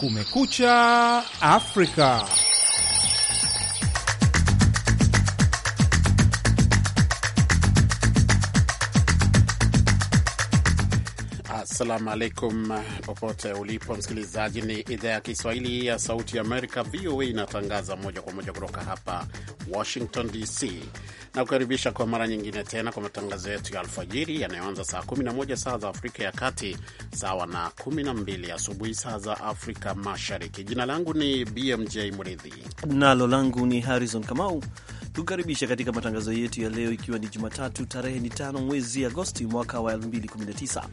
Kumekucha Afrika. Assalamu alaikum, popote ulipo msikilizaji. Ni idhaa ya Kiswahili ya Sauti ya Amerika, VOA, inatangaza moja kwa moja kutoka hapa Washington DC na kukaribisha kwa mara nyingine tena kwa matangazo yetu ya alfajiri yanayoanza saa 11 saa za Afrika ya Kati, sawa na 12 asubuhi saa za Afrika Mashariki. Jina langu ni BMJ Mridhi nalo langu ni Harrison Kamau. Tukukaribisha katika matangazo yetu ya leo, ikiwa ni Jumatatu tarehe ni tano mwezi Agosti mwaka wa 2019.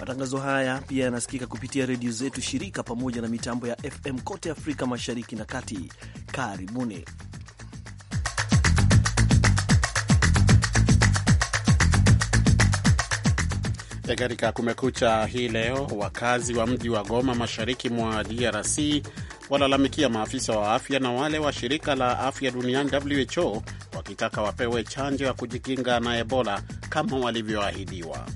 Matangazo haya pia yanasikika kupitia redio zetu shirika pamoja na mitambo ya FM kote Afrika Mashariki na Kati. Karibuni. Katika Kumekucha hii leo, wakazi wa mji wa Goma mashariki mwa DRC walalamikia maafisa wa afya na wale wa shirika la afya duniani WHO wakitaka wapewe chanjo ya kujikinga na Ebola kama walivyoahidiwa.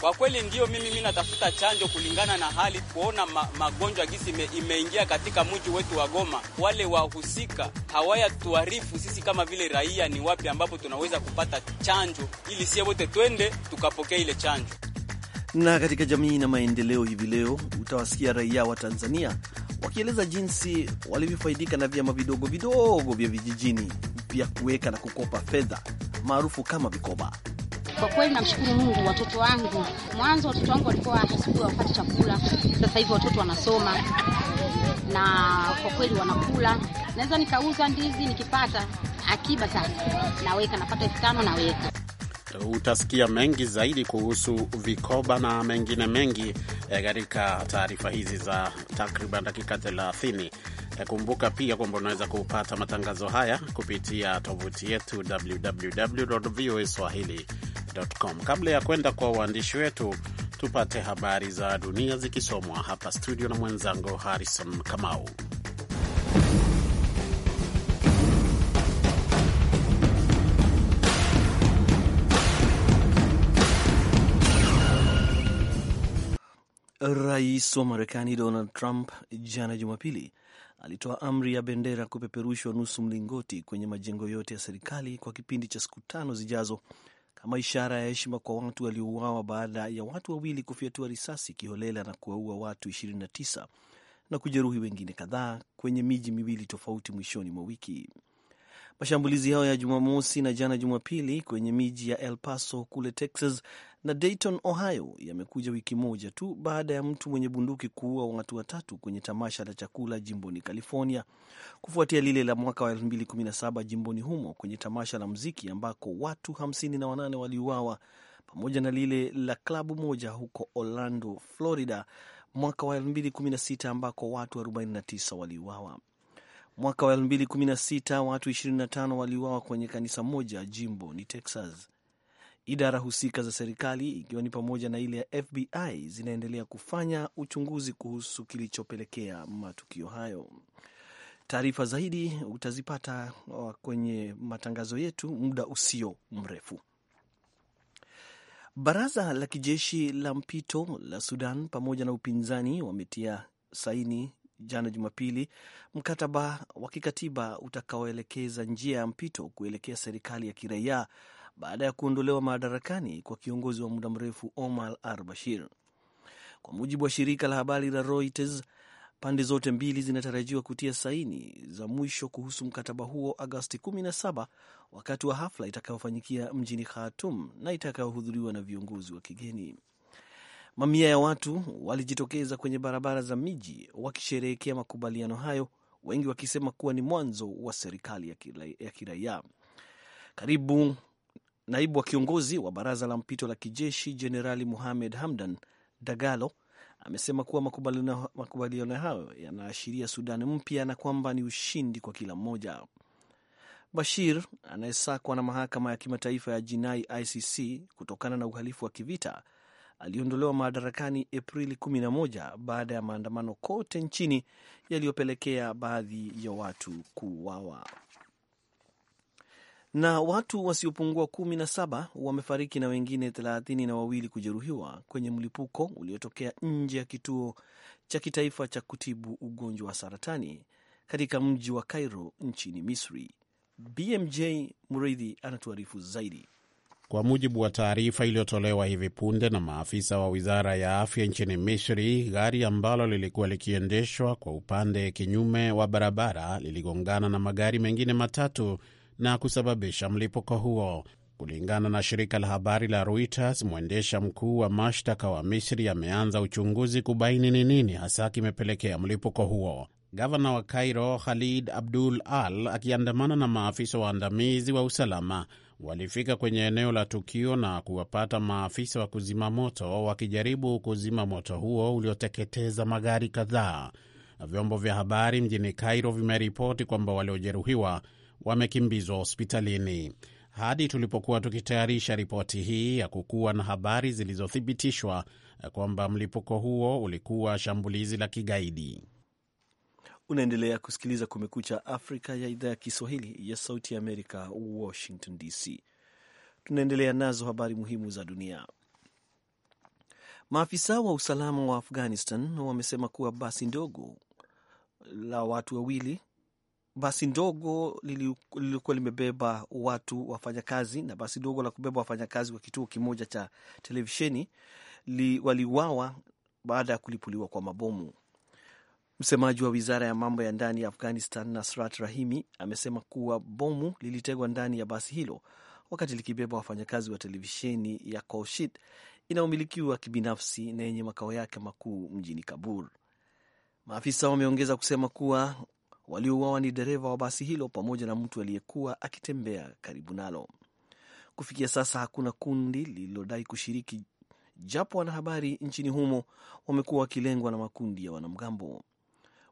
Kwa kweli ndio mimi mi natafuta chanjo kulingana na hali, kuona ma, magonjwa gisi ime, imeingia katika mji wetu wa Goma. Wale wahusika hawayatuarifu sisi kama vile raia ni wapi ambapo tunaweza kupata chanjo, ili sie wote twende tukapokea ile chanjo. Na katika jamii na maendeleo, hivi leo utawasikia raia wa Tanzania wakieleza jinsi walivyofaidika na vyama vidogo vidogo vya vijijini vya kuweka na kukopa fedha maarufu kama vikoba. Kwa kweli namshukuru Mungu, watoto wangu, mwanzo watoto wangu walikuwa hawapati wapate chakula, sasa hivi watoto wanasoma na kwa kweli wanakula. Naweza nikauza ndizi nikipata akiba, sasa naweka, napata elfu tano naweka utasikia mengi zaidi kuhusu vikoba na mengine mengi eh, katika taarifa hizi za takriban dakika 30. Eh, kumbuka pia kwamba unaweza kupata matangazo haya kupitia tovuti yetu voa www.voaswahili.com. Kabla ya kwenda kwa uandishi wetu, tupate habari za dunia zikisomwa hapa studio na mwenzangu Harrison Kamau. Rais wa Marekani Donald Trump jana Jumapili alitoa amri ya bendera kupeperushwa nusu mlingoti kwenye majengo yote ya serikali kwa kipindi cha siku tano zijazo kama ishara ya heshima kwa watu waliouawa baada ya watu wawili kufyatua risasi kiholela na kuwaua watu 29 na kujeruhi wengine kadhaa kwenye miji miwili tofauti mwishoni mwa wiki. Mashambulizi hayo ya Jumamosi na jana Jumapili kwenye miji ya El Paso kule Texas na Dayton, Ohio yamekuja wiki moja tu baada ya mtu mwenye bunduki kuua watu watatu kwenye tamasha la chakula jimboni California, kufuatia lile la mwaka wa 2017 jimboni humo kwenye tamasha la muziki ambako watu 58 waliuawa pamoja na lile la klabu moja huko Orlando, Florida mwaka wa 2016 ambako watu 49 waliuawa. Mwaka wa 2016 watu 25 waliuawa kwenye kanisa moja jimbo ni Texas. Idara husika za serikali ikiwa ni pamoja na ile ya FBI zinaendelea kufanya uchunguzi kuhusu kilichopelekea matukio hayo. Taarifa zaidi utazipata uh, kwenye matangazo yetu muda usio mrefu. Baraza la kijeshi la mpito la Sudan pamoja na upinzani wametia saini jana Jumapili mkataba wa kikatiba utakaoelekeza njia ya mpito kuelekea serikali ya kiraia baada ya kuondolewa madarakani kwa kiongozi wa muda mrefu Omar al Bashir. Kwa mujibu wa shirika la habari la Reuters, pande zote mbili zinatarajiwa kutia saini za mwisho kuhusu mkataba huo Agosti 17 wakati wa hafla itakayofanyikia mjini Khartoum na itakayohudhuriwa na viongozi wa kigeni. Mamia ya watu walijitokeza kwenye barabara za miji wakisherehekea makubaliano hayo, wengi wakisema kuwa ni mwanzo wa serikali ya kiraia. Karibu naibu wa kiongozi wa baraza la mpito la kijeshi Jenerali Muhamed Hamdan Dagalo amesema kuwa makubaliano hayo yanaashiria Sudani mpya na kwamba ni ushindi kwa kila mmoja. Bashir anayesakwa na mahakama ya kimataifa ya jinai ICC kutokana na uhalifu wa kivita aliondolewa madarakani Aprili 11 baada ya maandamano kote nchini yaliyopelekea baadhi ya watu kuuawa. Na watu wasiopungua kumi na saba wamefariki na wengine thelathini na wawili kujeruhiwa kwenye mlipuko uliotokea nje ya kituo cha kitaifa cha kutibu ugonjwa wa saratani katika mji wa Cairo nchini Misri. BMJ Mridhi anatuarifu zaidi. Kwa mujibu wa taarifa iliyotolewa hivi punde na maafisa wa wizara ya afya nchini Misri, gari ambalo lilikuwa likiendeshwa kwa upande kinyume wa barabara liligongana na magari mengine matatu na kusababisha mlipuko huo. Kulingana na shirika la habari la Reuters, mwendesha mkuu wa mashtaka wa Misri ameanza uchunguzi kubaini ni nini hasa kimepelekea mlipuko huo. Gavana wa Kairo Khalid Abdul Al akiandamana na maafisa waandamizi wa usalama walifika kwenye eneo la tukio na kuwapata maafisa wa kuzima moto wakijaribu kuzima moto huo ulioteketeza magari kadhaa. Vyombo vya habari mjini Cairo vimeripoti kwamba waliojeruhiwa wamekimbizwa hospitalini. Hadi tulipokuwa tukitayarisha ripoti hii ya kukuwa na habari zilizothibitishwa eh, kwamba mlipuko huo ulikuwa shambulizi la kigaidi. Unaendelea kusikiliza Kumekucha Afrika ya idhaa ya Kiswahili ya Sauti ya Amerika, Washington DC. Tunaendelea nazo habari muhimu za dunia. Maafisa wa usalama wa Afghanistan wamesema kuwa basi ndogo la watu wawili basi ndogo lilikuwa limebeba watu wafanyakazi na basi ndogo la kubeba wafanyakazi wa kituo kimoja cha televisheni waliuawa baada ya kulipuliwa kwa mabomu. Msemaji wa wizara ya mambo ya ndani ya Afghanistan, Nasrat Rahimi, amesema kuwa bomu lilitegwa ndani ya basi hilo wakati likibeba wafanyakazi wa televisheni ya Kolshit inayomilikiwa kibinafsi na yenye makao yake makuu mjini Kabul. Maafisa wameongeza kusema kuwa waliouawa ni dereva wa basi hilo pamoja na mtu aliyekuwa akitembea karibu nalo. Kufikia sasa hakuna kundi lililodai kushiriki, japo wanahabari nchini humo wamekuwa wakilengwa na makundi ya wanamgambo.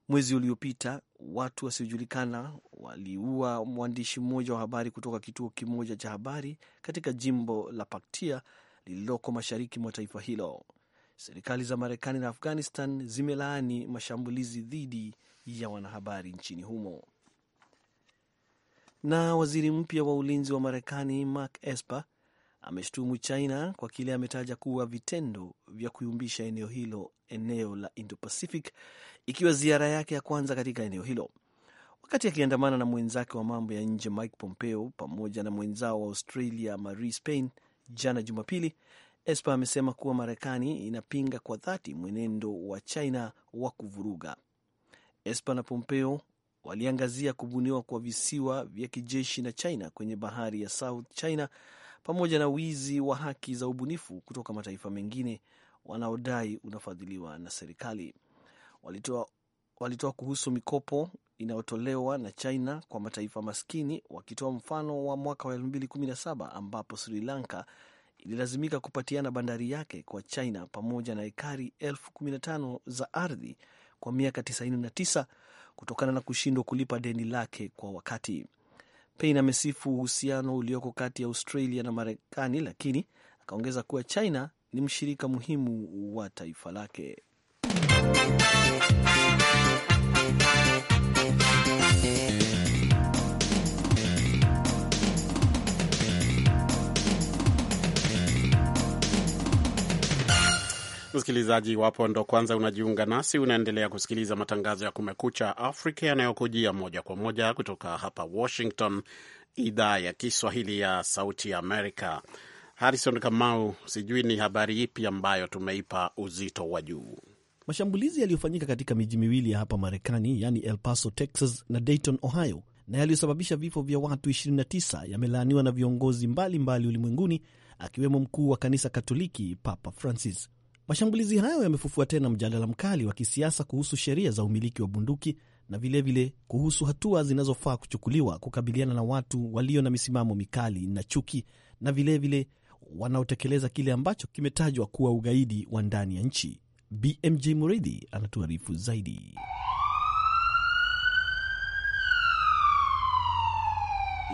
Mwezi uliopita watu wasiojulikana waliua mwandishi mmoja wa habari kutoka kituo kimoja cha habari katika jimbo la Paktia lililoko mashariki mwa taifa hilo. Serikali za Marekani na Afghanistan zimelaani mashambulizi dhidi ya wanahabari nchini humo. Na waziri mpya wa ulinzi wa Marekani Mark Esper ameshutumu China kwa kile ametaja kuwa vitendo vya kuyumbisha eneo hilo, eneo la Indo-Pacific, ikiwa ziara yake ya kwanza katika eneo hilo. Wakati akiandamana na mwenzake wa mambo ya nje Mike Pompeo pamoja na mwenzao wa Australia Marie Spain jana Jumapili, Esper amesema kuwa Marekani inapinga kwa dhati mwenendo wa China wa kuvuruga. Esper na Pompeo waliangazia kubuniwa kwa visiwa vya kijeshi na China kwenye bahari ya South China pamoja na wizi wa haki za ubunifu kutoka mataifa mengine wanaodai unafadhiliwa na serikali. Walitoa, walitoa kuhusu mikopo inayotolewa na China kwa mataifa maskini, wakitoa mfano wa mwaka wa 2017 ambapo Sri Lanka ililazimika kupatiana bandari yake kwa China pamoja na ekari elfu 15 za ardhi kwa miaka 99 kutokana na kushindwa kulipa deni lake kwa wakati. Payne amesifu uhusiano ulioko kati ya Australia na Marekani, lakini akaongeza kuwa China ni mshirika muhimu wa taifa lake. Msikilizaji, iwapo ndo kwanza unajiunga nasi, unaendelea kusikiliza matangazo ya Kumekucha Afrika yanayokujia moja kwa moja kutoka hapa Washington, idhaa ya Kiswahili ya Sauti ya Amerika. Harrison Kamau, sijui ni habari ipi ambayo tumeipa uzito wa juu? Mashambulizi yaliyofanyika katika miji miwili ya hapa Marekani, yaani El Paso, Texas na Dayton, Ohio, na yaliyosababisha vifo vya watu 29 yamelaaniwa na viongozi mbalimbali ulimwenguni, akiwemo mkuu wa kanisa Katoliki Papa Francis. Mashambulizi hayo yamefufua tena mjadala mkali wa kisiasa kuhusu sheria za umiliki wa bunduki na vilevile vile kuhusu hatua zinazofaa kuchukuliwa kukabiliana na watu walio na misimamo mikali na chuki na vilevile vile wanaotekeleza kile ambacho kimetajwa kuwa ugaidi wa ndani ya nchi. BMJ Muridhi anatuarifu zaidi.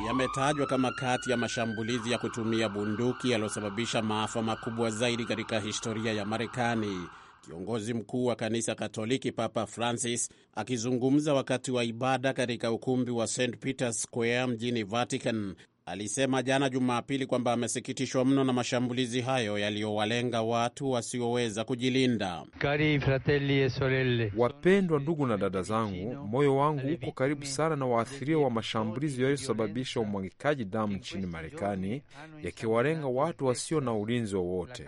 yametajwa kama kati ya mashambulizi ya kutumia bunduki yaliyosababisha maafa makubwa zaidi katika historia ya Marekani. Kiongozi mkuu wa kanisa Katoliki Papa Francis akizungumza wakati wa ibada katika ukumbi wa St Peter's Square mjini Vatican alisema jana Jumapili kwamba amesikitishwa mno na mashambulizi hayo yaliyowalenga watu wasioweza kujilinda. Cari fratelli e sorelle, wapendwa ndugu na dada zangu, moyo wangu uko karibu sana na waathiria wa mashambulizi yaliyosababisha umwagikaji damu nchini Marekani, yakiwalenga watu wasio na ulinzi wowote.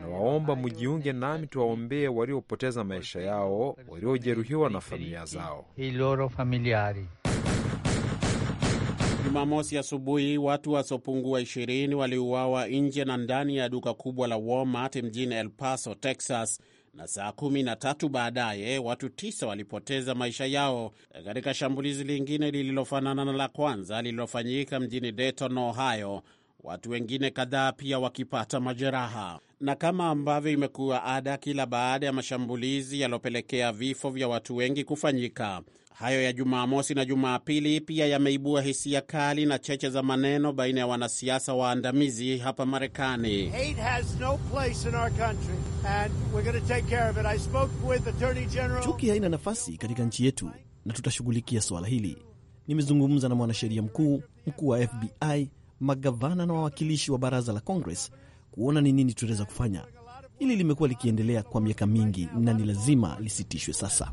Nawaomba mjiunge nami tuwaombee waliopoteza maisha yao, waliojeruhiwa na familia zao. Jumamosi asubuhi watu wasiopungua ishirini waliuawa nje na ndani ya duka kubwa la Walmart mjini El Paso, Texas, na saa kumi na tatu baadaye watu tisa walipoteza maisha yao katika shambulizi lingine lililofanana na la kwanza lililofanyika mjini Dayton, Ohio, watu wengine kadhaa pia wakipata majeraha. Na kama ambavyo imekuwa ada kila baada ya mashambulizi yaliyopelekea vifo vya watu wengi kufanyika, hayo ya Jumamosi na Jumapili pia yameibua hisia kali na cheche za maneno baina ya wanasiasa waandamizi hapa Marekani. Chuki haina nafasi katika nchi yetu na tutashughulikia suala hili. Nimezungumza na mwanasheria mkuu mkuu wa FBI magavana na wawakilishi wa baraza la Congress kuona ni nini tunaweza kufanya. Hili limekuwa likiendelea kwa miaka mingi na ni lazima lisitishwe sasa.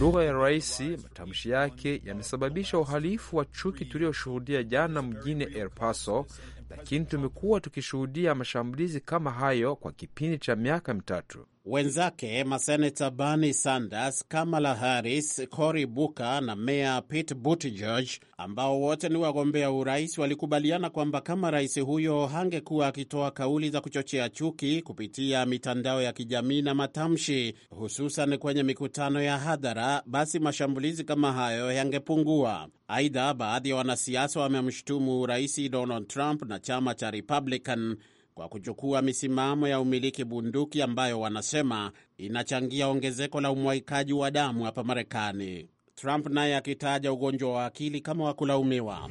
Lugha ya rais, matamshi yake yamesababisha uhalifu wa chuki tulioshuhudia jana mjini El Paso, lakini tumekuwa tukishuhudia mashambulizi kama hayo kwa kipindi cha miaka mitatu. Wenzake maseneta Bernie Sanders, Kamala Harris, Cory Booker na meya Pete Buttigieg, ambao wote ni wagombea urais, walikubaliana kwamba kama rais huyo hangekuwa akitoa kauli za kuchochea chuki kupitia mitandao ya kijamii na matamshi, hususan kwenye mikutano ya hadhara, basi mashambulizi kama hayo yangepungua. Aidha, baadhi ya wanasiasa wamemshutumu rais Donald Trump na chama cha Republican kwa kuchukua misimamo ya umiliki bunduki ambayo wanasema inachangia ongezeko la umwaikaji wa damu hapa Marekani. Trump naye akitaja ugonjwa wa akili kama wa kulaumiwa.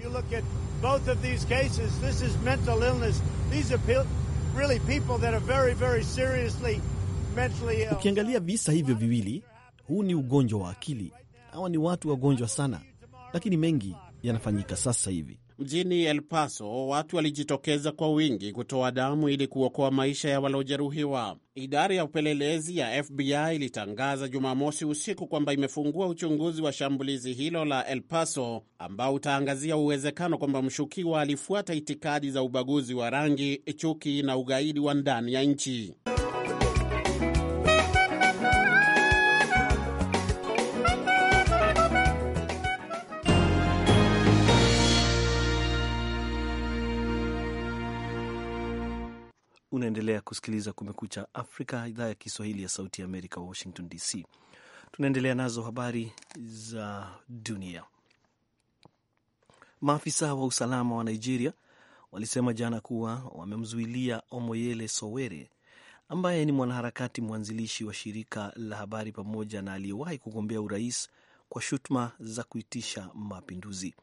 Ukiangalia visa hivyo viwili, huu ni ugonjwa wa akili. Hawa ni watu wagonjwa sana, lakini mengi yanafanyika sasa hivi. Mjini El Paso watu walijitokeza kwa wingi kutoa damu ili kuokoa maisha ya waliojeruhiwa. Idara ya upelelezi ya FBI ilitangaza Jumamosi usiku kwamba imefungua uchunguzi wa shambulizi hilo la El Paso ambao utaangazia uwezekano kwamba mshukiwa alifuata itikadi za ubaguzi wa rangi, chuki na ugaidi wa ndani ya nchi. Unaendelea kusikiliza Kumekucha Afrika, idhaa ya Kiswahili ya Sauti ya Amerika, Washington DC. Tunaendelea nazo habari za dunia. Maafisa wa usalama wa Nigeria walisema jana kuwa wamemzuilia Omoyele sowere ambaye ni mwanaharakati mwanzilishi wa shirika la habari pamoja na aliyewahi kugombea urais kwa shutuma za kuitisha mapinduzi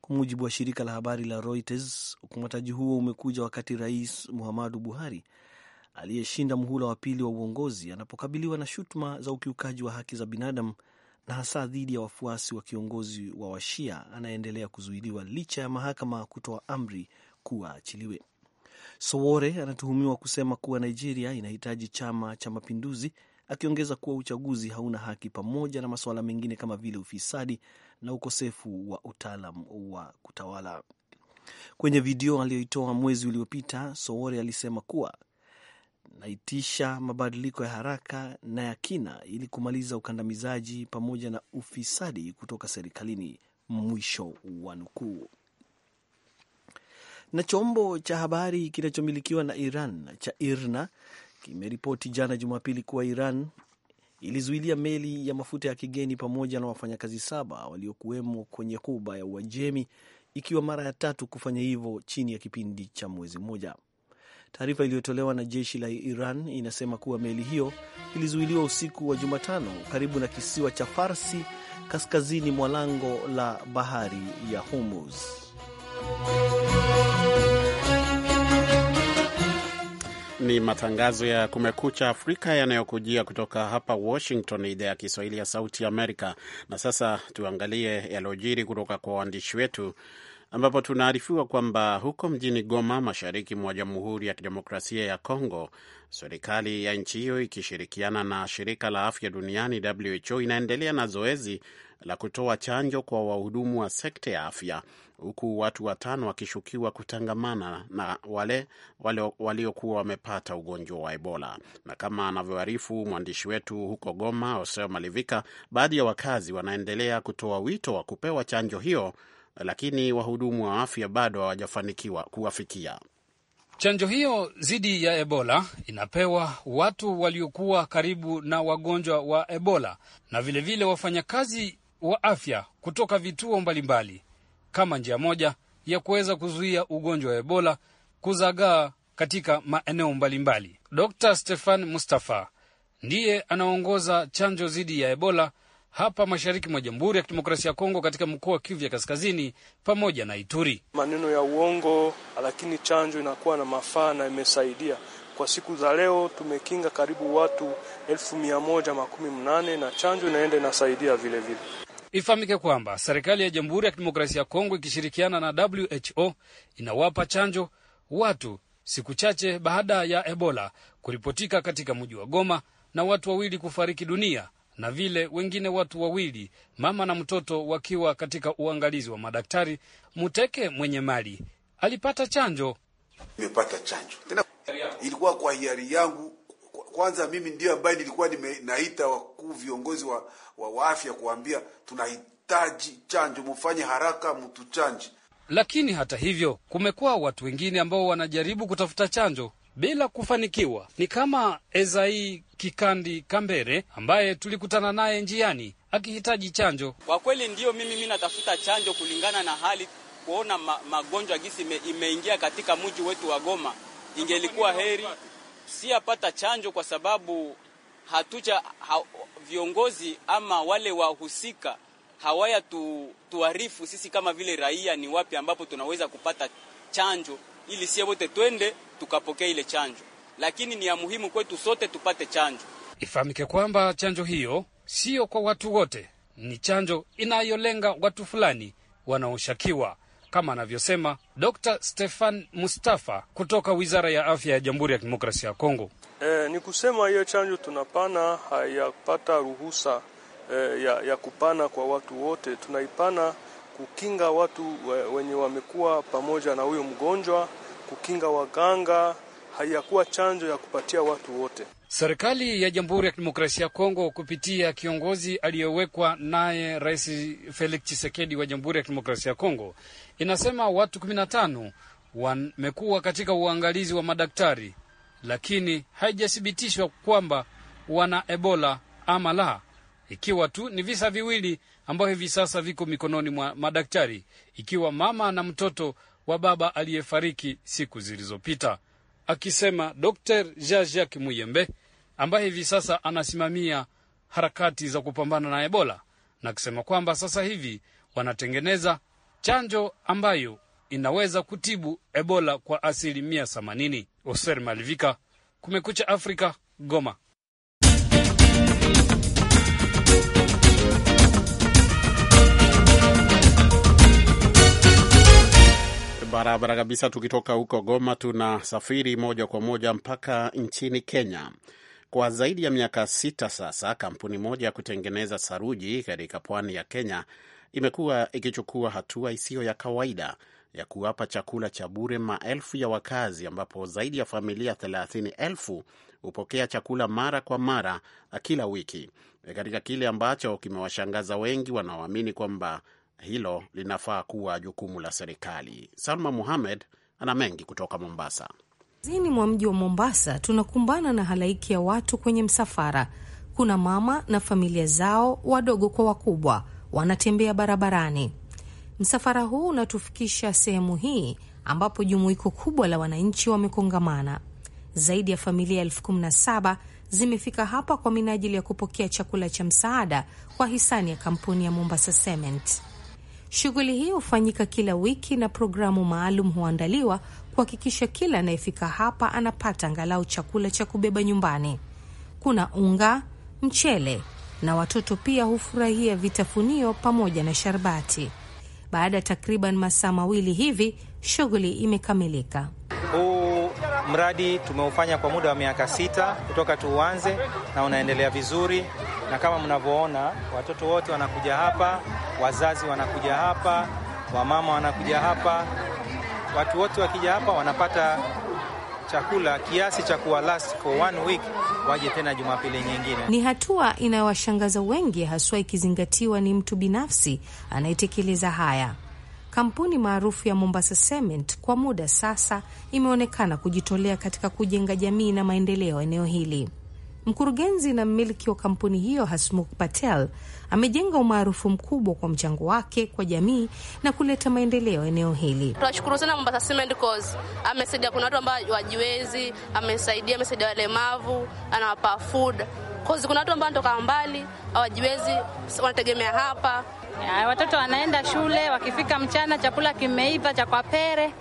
kwa mujibu wa shirika la habari la Reuters. Ukamataji huo umekuja wakati Rais Muhammadu Buhari aliyeshinda muhula wa pili wa uongozi anapokabiliwa na shutuma za ukiukaji wa haki za binadamu na hasa dhidi ya wafuasi wa kiongozi wa Washia anaendelea kuzuiliwa licha ya mahakama kutoa amri kuwa achiliwe. Sowore anatuhumiwa kusema kuwa Nigeria inahitaji chama cha mapinduzi, akiongeza kuwa uchaguzi hauna haki, pamoja na masuala mengine kama vile ufisadi na ukosefu wa utaalam wa kutawala. Kwenye video aliyoitoa mwezi uliopita, Sowore alisema kuwa naitisha mabadiliko ya haraka na ya kina ili kumaliza ukandamizaji pamoja na ufisadi kutoka serikalini, mwisho wa nukuu. Na chombo cha habari kinachomilikiwa na Iran cha IRNA kimeripoti jana Jumapili kuwa Iran ilizuilia meli ya mafuta ya kigeni pamoja na wafanyakazi saba waliokuwemo kwenye kuba ya Uajemi, ikiwa mara ya tatu kufanya hivyo chini ya kipindi cha mwezi mmoja. Taarifa iliyotolewa na jeshi la Iran inasema kuwa meli hiyo ilizuiliwa usiku wa Jumatano karibu na kisiwa cha Farsi kaskazini mwa lango la bahari ya Hormuz. Ni matangazo ya Kumekucha Afrika yanayokujia kutoka hapa Washington, idhaa ya Kiswahili ya Sauti Amerika. Na sasa tuangalie yaliyojiri kutoka kwa waandishi wetu, ambapo tunaarifiwa kwamba huko mjini Goma, mashariki mwa Jamhuri ya Kidemokrasia ya congo serikali ya nchi hiyo ikishirikiana na shirika la afya duniani WHO inaendelea na zoezi la kutoa chanjo kwa wahudumu wa sekta ya afya huku watu watano wakishukiwa kutangamana na wale waliokuwa wamepata ugonjwa wa Ebola. Na kama anavyoarifu mwandishi wetu huko Goma, Hoseo Malivika, baadhi ya wakazi wanaendelea kutoa wito wa kupewa chanjo hiyo, lakini wahudumu wa afya bado hawajafanikiwa kuwafikia. Chanjo hiyo dhidi ya Ebola inapewa watu waliokuwa karibu na wagonjwa wa Ebola na vilevile wafanyakazi wa afya kutoka vituo mbalimbali mbali kama njia moja ya kuweza kuzuia ugonjwa wa Ebola kuzagaa katika maeneo mbalimbali. Dr. Stefan Mustafa ndiye anaongoza chanjo dhidi ya Ebola hapa mashariki mwa Jamhuri ya Kidemokrasia ya Kongo katika mkoa wa Kivu ya Kaskazini pamoja na Ituri. Maneno ya uongo, lakini chanjo inakuwa na mafaa na imesaidia. Kwa siku za leo tumekinga karibu watu elfu mia moja makumi mnane na chanjo inaenda inasaidia vilevile vile. Ifahamike kwamba serikali ya Jamhuri ya Kidemokrasia ya Kongo ikishirikiana na WHO inawapa chanjo watu siku chache baada ya Ebola kuripotika katika mji wa Goma na watu wawili kufariki dunia na vile wengine watu wawili mama na mtoto wakiwa katika uangalizi wa madaktari. Muteke mwenye mali alipata chanjo, imepata chanjo tena, ilikuwa kwa hiari yangu kwanza mimi ndio ambaye nilikuwa nimenaita wakuu viongozi wa, wa, wa afya kuambia tunahitaji chanjo, mufanye haraka mtuchanje. Lakini hata hivyo kumekuwa watu wengine ambao wanajaribu kutafuta chanjo bila kufanikiwa. Ni kama Ezai Kikandi Kambere ambaye tulikutana naye njiani akihitaji chanjo. Kwa kweli, ndiyo mimi mi natafuta chanjo kulingana na hali kuona ma, magonjwa gisi imeingia katika mji wetu wa Goma, ingelikuwa heri apata chanjo kwa sababu hatucha ha, viongozi ama wale wahusika hawaya tu, tuarifu sisi kama vile raia ni wapi ambapo tunaweza kupata chanjo ili sie wote twende tukapokea ile chanjo, lakini ni ya muhimu kwetu sote tupate chanjo. Ifahamike kwamba chanjo hiyo siyo kwa watu wote, ni chanjo inayolenga watu fulani wanaoshakiwa kama anavyosema Dr. Stefan Mustafa kutoka Wizara ya Afya ya Jamhuri ya Kidemokrasia ya Kongo. E, ni kusema hiyo chanjo tunapana hayapata ruhusa e, ya, ya kupana kwa watu wote. Tunaipana kukinga watu e, wenye wamekuwa pamoja na huyo mgonjwa, kukinga waganga haiyakuwa chanjo ya kupatia watu wote. Serikali ya Jamhuri ya Kidemokrasia ya Kongo kupitia kiongozi aliyowekwa naye Rais Felix Tshisekedi wa Jamhuri ya Kidemokrasia ya Kongo inasema watu 15 wamekuwa katika uangalizi wa madaktari, lakini haijathibitishwa kwamba wana Ebola ama la, ikiwa tu ni visa viwili ambavyo hivi sasa viko mikononi mwa madaktari, ikiwa mama na mtoto wa baba aliyefariki siku zilizopita akisema Dr Jean Jacques Muyembe ambaye hivi sasa anasimamia harakati za kupambana na Ebola na kusema kwamba sasa hivi wanatengeneza chanjo ambayo inaweza kutibu Ebola kwa asilimia themanini. Oser Malivika, Kumekucha Afrika, Goma. Barabara kabisa. Tukitoka huko Goma, tunasafiri moja kwa moja mpaka nchini Kenya. Kwa zaidi ya miaka sita sasa, kampuni moja ya kutengeneza saruji katika pwani ya Kenya imekuwa ikichukua hatua isiyo ya kawaida ya kuwapa chakula cha bure maelfu ya wakazi, ambapo zaidi ya familia thelathini elfu hupokea chakula mara kwa mara kila wiki, e, katika kile ambacho kimewashangaza wengi wanaoamini kwamba hilo linafaa kuwa jukumu la serikali. Salma Muhamed ana mengi kutoka Mombasa. Zini mwa mji wa Mombasa tunakumbana na halaiki ya watu kwenye msafara. Kuna mama na familia zao, wadogo kwa wakubwa, wanatembea barabarani. Msafara huu unatufikisha sehemu hii ambapo jumuiko kubwa la wananchi wamekongamana. Zaidi ya familia elfu kumi na saba zimefika hapa kwa minajili ya kupokea chakula cha msaada kwa hisani ya kampuni ya Mombasa Cement. Shughuli hii hufanyika kila wiki na programu maalum huandaliwa kuhakikisha kila anayefika hapa anapata angalau chakula cha kubeba nyumbani. Kuna unga, mchele na watoto pia hufurahia vitafunio pamoja na sharbati. Baada ya takriban masaa mawili hivi, shughuli imekamilika. Huu mradi tumeufanya kwa muda wa miaka sita kutoka tuuanze, na unaendelea vizuri na kama mnavyoona watoto wote wanakuja hapa, wazazi wanakuja hapa, wamama wanakuja hapa, watu wote wakija hapa wanapata chakula kiasi cha kuwa last for one week waje tena Jumapili nyingine. Ni hatua inayowashangaza wengi, haswa ikizingatiwa ni mtu binafsi anayetekeleza haya. Kampuni maarufu ya Mombasa Cement kwa muda sasa imeonekana kujitolea katika kujenga jamii na maendeleo eneo hili. Mkurugenzi na mmiliki wa kampuni hiyo Hasmukh Patel amejenga umaarufu mkubwa kwa mchango wake kwa jamii na kuleta maendeleo eneo hili. Tunashukuru sana Mombasa Cement cause amesaidia, kuna watu ambao wajiwezi, amesaidia, amesaidia walemavu, anawapa food cause kuna watu ambao wanatoka mbali hawajiwezi, wanategemea hapa ya, eh, watoto wanaenda shule, wakifika mchana chakula kimeiva cha kwapere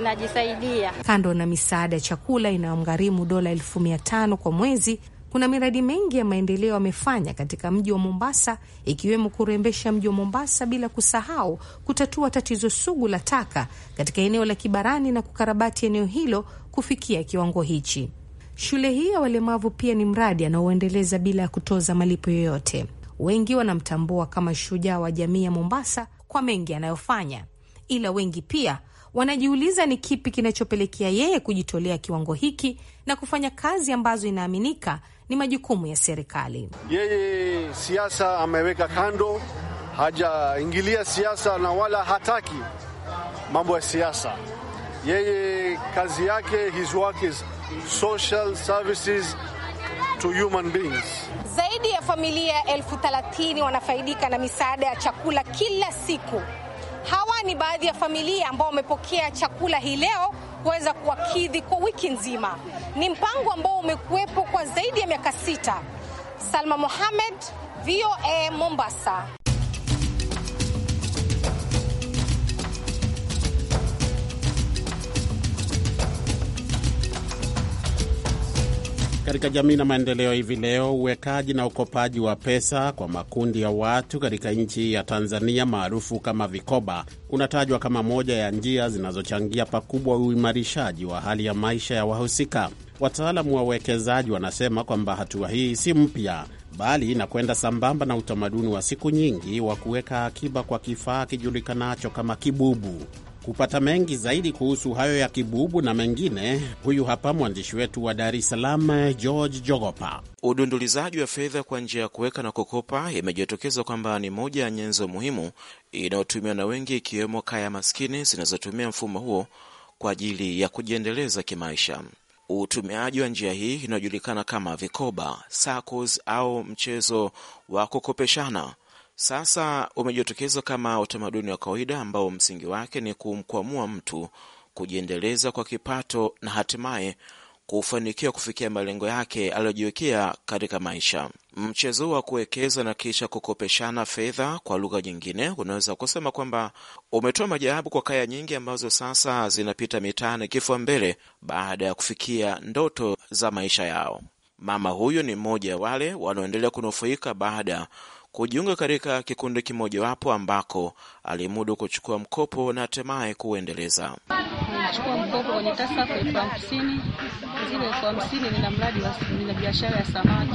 tunajisaidia. Kando na misaada ya chakula inayomgharimu dola elfu mia tano kwa mwezi, kuna miradi mengi ya maendeleo amefanya katika mji wa Mombasa, ikiwemo kurembesha mji wa Mombasa, bila kusahau kutatua tatizo sugu la taka katika eneo la Kibarani na kukarabati eneo hilo kufikia kiwango hichi. Shule hii ya walemavu pia ni mradi anaoendeleza bila ya kutoza malipo yoyote. Wengi wanamtambua kama shujaa wa jamii ya Mombasa kwa mengi anayofanya, ila wengi pia wanajiuliza ni kipi kinachopelekea yeye kujitolea kiwango hiki na kufanya kazi ambazo inaaminika ni majukumu ya serikali. Yeye siasa ameweka kando, hajaingilia siasa na wala hataki mambo ya siasa. Yeye kazi yake, his work is social services to human beings. Zaidi ya familia elfu thelathini wanafaidika na misaada ya chakula kila siku. Hawa ni baadhi ya familia ambao wamepokea chakula hii leo kuweza kuwakidhi kwa wiki nzima. Ni mpango ambao umekuwepo kwa zaidi ya miaka sita. Salma Mohamed, VOA Mombasa. Katika jamii na maendeleo hivi leo, uwekaji na ukopaji wa pesa kwa makundi ya watu katika nchi ya Tanzania maarufu kama vikoba unatajwa kama moja ya njia zinazochangia pakubwa uimarishaji wa hali ya maisha ya wahusika. Wataalamu wa uwekezaji wanasema kwamba hatua hii si mpya, bali inakwenda sambamba na utamaduni wa siku nyingi wa kuweka akiba kwa kifaa kijulikanacho kama kibubu. Kupata mengi zaidi kuhusu hayo ya kibubu na mengine, huyu hapa mwandishi wetu wa Dar es Salaam, George Jogopa. Udundulizaji wa fedha kwa njia ya kuweka na kukopa imejitokeza kwamba ni moja ya nyenzo muhimu inayotumiwa na wengi, ikiwemo kaya maskini zinazotumia mfumo huo kwa ajili ya kujiendeleza kimaisha. Utumiaji wa njia hii inayojulikana kama vikoba, SACCOS au mchezo wa kukopeshana sasa umejitokeza kama utamaduni wa kawaida ambao msingi wake ni kumkwamua mtu kujiendeleza kwa kipato na hatimaye kufanikiwa kufikia malengo yake aliyojiwekea katika maisha. Mchezo wa kuwekeza na kisha kukopeshana fedha, kwa lugha nyingine, unaweza kusema kwamba umetoa majawabu kwa kaya nyingi ambazo sasa zinapita mitaani kifua mbele baada ya kufikia ndoto za maisha yao. Mama huyu ni mmoja wale wanaoendelea kunufaika baada kujiunga katika kikundi kimojawapo ambako alimudu kuchukua mkopo na hatimaye kuuendeleza. chukua mkopo kwenye tasafu elfu hamsini. Zile elfu hamsini nina mradi wa nina biashara ya samaki,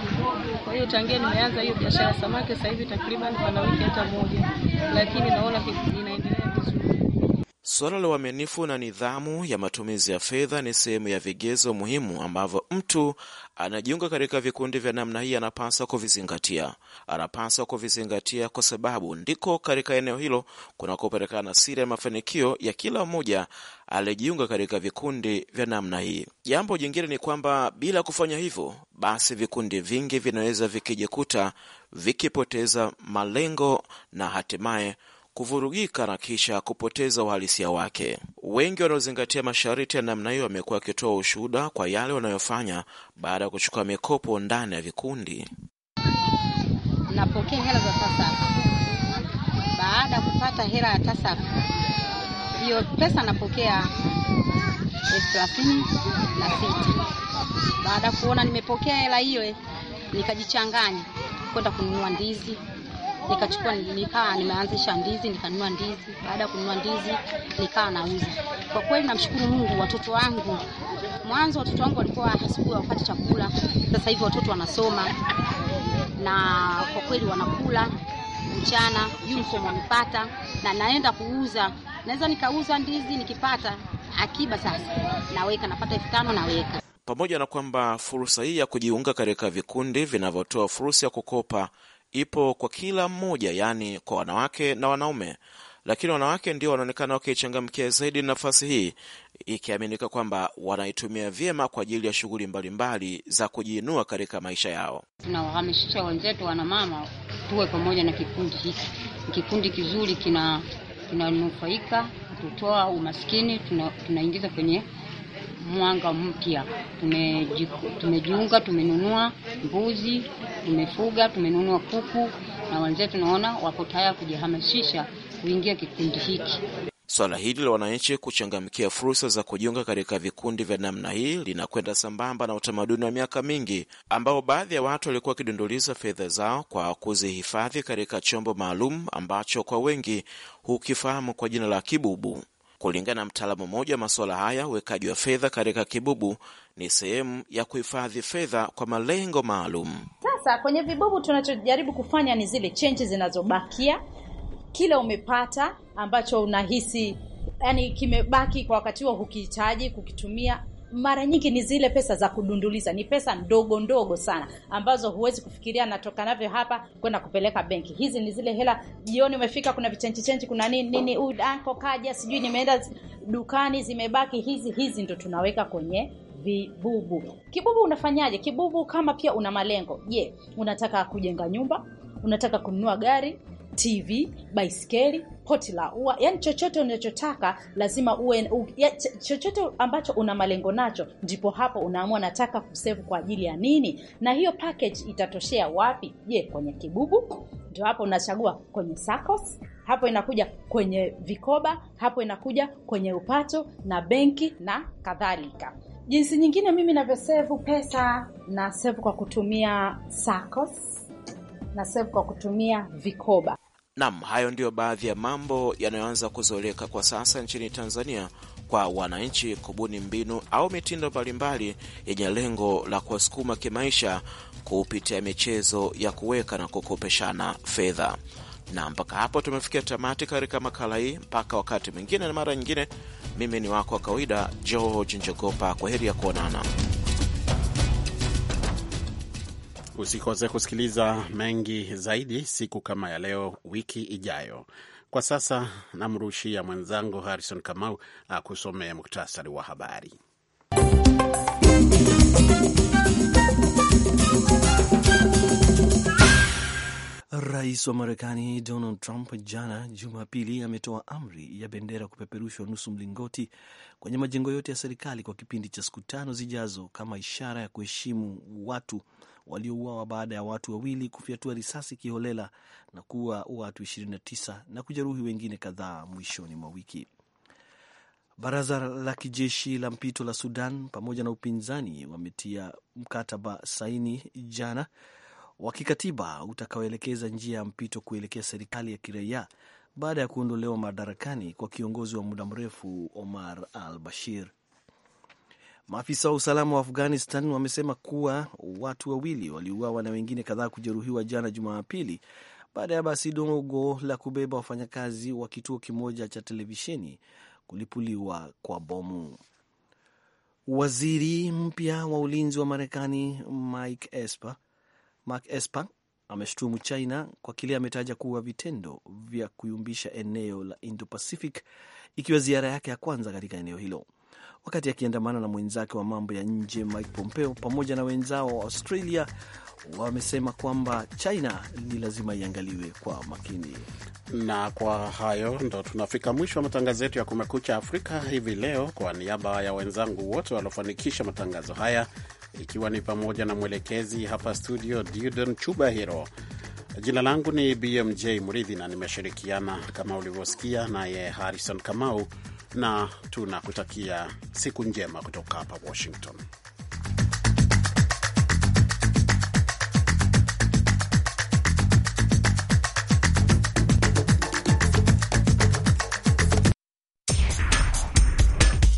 kwa hiyo tangia nimeanza hiyo biashara ya samaki sasa hivi takriban pana wiki hata moja, lakini naona inaendelea vizuri. Suala la uaminifu na nidhamu ya matumizi ya fedha ni sehemu ya vigezo muhimu ambavyo mtu anajiunga katika vikundi vya namna hii anapaswa kuvizingatia. Anapaswa kuvizingatia kwa sababu ndiko katika eneo hilo kunakopatikana siri ya mafanikio ya kila mmoja aliyejiunga katika vikundi vya namna hii. Jambo jingine ni kwamba bila kufanya hivyo, basi vikundi vingi vinaweza vikijikuta vikipoteza malengo na hatimaye kuvurugika na kisha kupoteza uhalisia wake. Wengi wanaozingatia masharti ya namna hiyo wamekuwa wakitoa ushuhuda kwa yale wanayofanya baada ya kuchukua mikopo ndani ya vikundi. Napokea hela za tasaf baada ya kupata hela ya tasaf hiyo pesa napokea elfu thelathini na sita baada ya kuona nimepokea hela hiyo, nikajichanganya kwenda kununua ndizi nikachukua nikaa nimeanzisha ndizi, nikanunua ndizi. Baada ya kununua ndizi, nikaa nauza. Kwa kweli namshukuru Mungu, watoto wangu mwanzo, watoto wangu walikuwa asubuhi hawapati chakula, sasa hivi watoto wanasoma na kwa kweli wanakula mchana, uniform wamepata, na naenda kuuza, naweza nikauza ndizi nikipata akiba sasa naweka napata elfu tano naweka. Pamoja na kwamba fursa hii ya kujiunga katika vikundi vinavyotoa fursa ya kukopa ipo kwa kila mmoja, yaani kwa wanawake na wanaume, lakini wanawake ndio wanaonekana wakiichangamkia zaidi nafasi hii, ikiaminika kwamba wanaitumia vyema kwa ajili ya shughuli mbalimbali za kujiinua katika maisha yao. Tunawahamasisha wenzetu wanamama, tuwe pamoja na kikundi hiki. Ni kikundi kizuri, kinanufaika, kina kututoa umaskini, tunaingiza tuna kwenye mwanga mpya. Tumejiunga, tumenunua mbuzi, tumefuga, tumenunua kuku na wenzetu tunaona wako tayari kujihamasisha kuingia kikundi hiki. Swala hili la wananchi kuchangamkia fursa za kujiunga katika vikundi vya namna hii linakwenda sambamba na utamaduni wa miaka mingi ambao baadhi ya watu walikuwa wakidunduliza fedha zao kwa kuzihifadhi katika chombo maalum ambacho kwa wengi hukifahamu kwa jina la kibubu. Kulingana na mtaalamu mmoja wa masuala haya, uwekaji wa fedha katika kibubu ni sehemu ya kuhifadhi fedha kwa malengo maalum. Sasa kwenye vibubu tunachojaribu kufanya ni zile chenji zinazobakia, kile umepata ambacho unahisi yani kimebaki kwa wakati huo hukihitaji kukitumia mara nyingi ni zile pesa za kudunduliza, ni pesa ndogo ndogo sana ambazo huwezi kufikiria natoka navyo hapa kwenda kupeleka benki. Hizi ni zile hela, jioni umefika, kuna vichenji chenji, kuna nini nini, udanko kaja, sijui nimeenda dukani, zimebaki hizi hizi, ndo tunaweka kwenye vibubu. Kibubu unafanyaje? Kibubu kama pia una malengo. Je, unataka kujenga nyumba? Unataka kununua gari, TV, baiskeli poti la ua, yani chochote unachotaka lazima uwe u, ya, chochote ambacho una malengo nacho, ndipo hapo unaamua nataka kusevu kwa ajili ya nini, na hiyo package itatoshea wapi? Je, kwenye kibubu? Ndio hapo unachagua kwenye SACCOS, hapo inakuja kwenye vikoba, hapo inakuja kwenye upato na benki na kadhalika. Jinsi nyingine mimi navyosevu pesa, na sevu kwa kutumia SACCOS na sevu kwa kutumia vikoba. Nam, hayo ndiyo baadhi ya mambo yanayoanza kuzoeleka kwa sasa nchini Tanzania kwa wananchi kubuni mbinu au mitindo mbalimbali yenye lengo la kuwasukuma kimaisha kupitia michezo ya kuweka na kukopeshana fedha. Na mpaka hapo tumefikia tamati katika makala hii. Mpaka wakati mwingine na mara nyingine, mimi ni wako wa kawaida George Njogopa. Kwa heri ya kuonana. Usikose kusikiliza mengi zaidi siku kama ya leo wiki ijayo. Kwa sasa namrushia mwenzangu Harrison Kamau akusomee muktasari wa habari. Rais wa Marekani Donald Trump jana Jumapili ametoa amri ya bendera kupeperushwa nusu mlingoti kwenye majengo yote ya serikali kwa kipindi cha siku tano zijazo kama ishara ya kuheshimu watu waliouawa baada ya watu wawili kufyatua risasi kiholela na kuwa watu 29 na kujeruhi wengine kadhaa mwishoni mwa wiki. Baraza la kijeshi la mpito la Sudan pamoja na upinzani wametia mkataba saini jana wa kikatiba utakaoelekeza njia ya mpito kuelekea serikali ya kiraia baada ya kuondolewa madarakani kwa kiongozi wa muda mrefu Omar al Bashir. Maafisa wa usalama wa Afghanistan wamesema kuwa watu wawili waliuawa na wengine kadhaa kujeruhiwa jana Jumapili baada ya basi dogo la kubeba wafanyakazi wa kituo kimoja cha televisheni kulipuliwa kwa bomu. Waziri mpya wa ulinzi wa Marekani Mike Esper, Mark Esper ameshutumu China kwa kile ametaja kuwa vitendo vya kuyumbisha eneo la Indo Pacific, ikiwa ziara yake ya kwanza katika eneo hilo wakati akiandamana na mwenzake wa mambo ya nje Mike Pompeo pamoja na wenzao wa Australia wamesema kwamba China ni lazima iangaliwe kwa makini. Na kwa hayo ndo tunafika mwisho wa matangazo yetu ya Kumekucha Afrika hivi leo. Kwa niaba ya wenzangu wote waliofanikisha matangazo haya, ikiwa ni pamoja na mwelekezi hapa studio Dudon Chuba Hiro, jina langu ni BMJ Mridhi na nimeshirikiana kama ulivyosikia naye Harrison Kamau na tunakutakia siku njema kutoka hapa Washington.